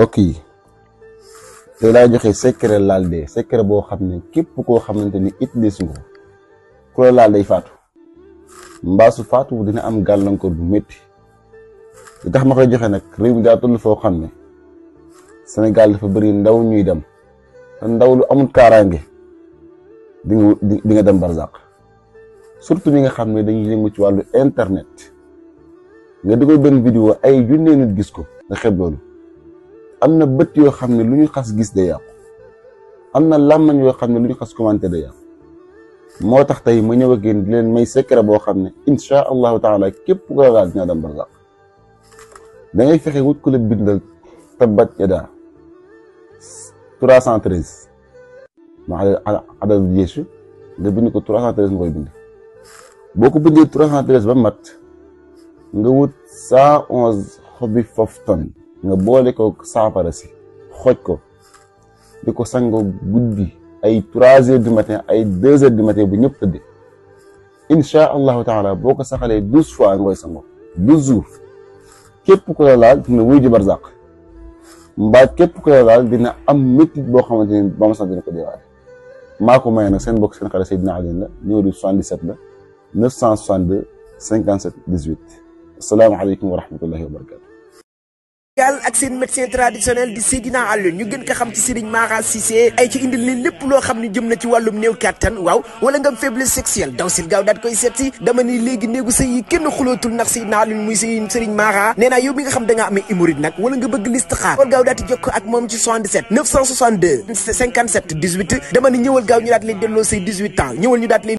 mbokk yi tey laa joxe secret laal dee secret boo xam ne képp koo xamante ni utilisé nga ku la laal day faatu mbaasu faatu dina am gàllankoor bu metti li tax ma koy joxe nag réew mi daa toll foo xam ne senegal dafa bari ndaw ñuy dem ndaw lu amul kaaraange di nga di nga dem barzaq surtout ñi nga xam ne dañuy yëngu ci wàllu internet nga dugal benn vidéo ay junne nit gis ko nga xeeb loolu. am na bët yoo xam ne lu ñu xas gis day yàqu am na yoo xam ne lu xas commenté day yàqu moo tax tey ma ñëw ak yéen di leen may secret boo xam ne insha allahu taala képp ko ragal dinaa dem barzaq da ngay fexe wut ku la bindal tabbat yadaa 313 ma adad jeesu nga bind ko 313 nga koy bind boo ko bindee 313 ba mat nga wut 111 xobi fofton nga boole ko saafara si xoj ko di ko sangoo guddi ay 3 heures du matin ay 2 heures du matin bu ñëpp tëdd incha allah taala boo ko saxalee douze fois nga sango 12 jours képp ko la laal dina wuy ji barzaq mbaa képp ko la laal dina am métti boo xamante ni ba ma sax dina ko deewaale maa ko maye nag seen bokk seen xale Seydina Alioune la numéro bi 77 la 962 57 18 asalaamaaleykum wa rahmatullahi wa barakatu Sénégal ak seen médecin traditionnel di Seydina Alioune ñu gën ko xam ci Serigne Mara Cissé ay ci indil leen lépp loo xam ne jëm na ci wàllum néew kàttan waaw wala nga am faiblesse sexuelle daw gaaw daat koy seet dama ni léegi néegu sëy yi kenn xulootul ndax Seydina Alioune muy sëy Serigne Mara nee naa yow mi nga xam da amee hémorroïde nag wala nga bëgg listixaar wala daati jokk ak moom ci dama ni ñëwal gaaw ñu daat leen delloo say 18 ans ñëwal ñu